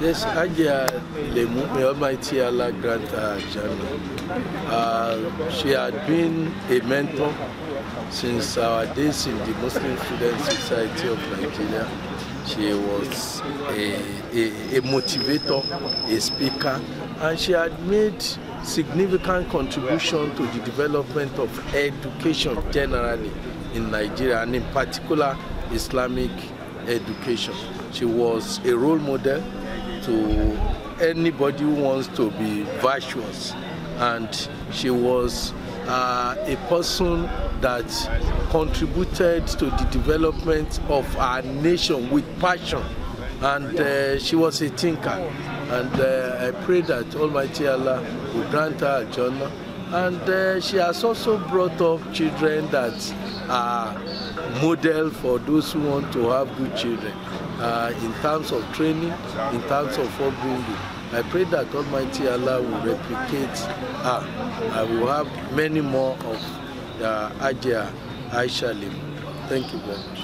Yes, Hajiya Lemu, may Almighty Allah grant her Jannah. Uh, she had been a mentor since our days in the Muslim Student Society of Nigeria. She was a, a, a motivator, a speaker, and she had made significant contribution to the development of education generally in Nigeria and in particular Islamic education. She was a role model to anybody who wants to be virtuous. And she was uh, a person that contributed to the development of our nation with passion. And uh, she was a thinker. And uh, I pray that Almighty Allah will grant her a journal And uh, she has also brought up children that are model for those who want to have good children uh, in terms of training, in terms of upbringing. I pray that Almighty Allah will replicate her. I will have many more of uh, Ajia Aisha Lim. Thank you very much.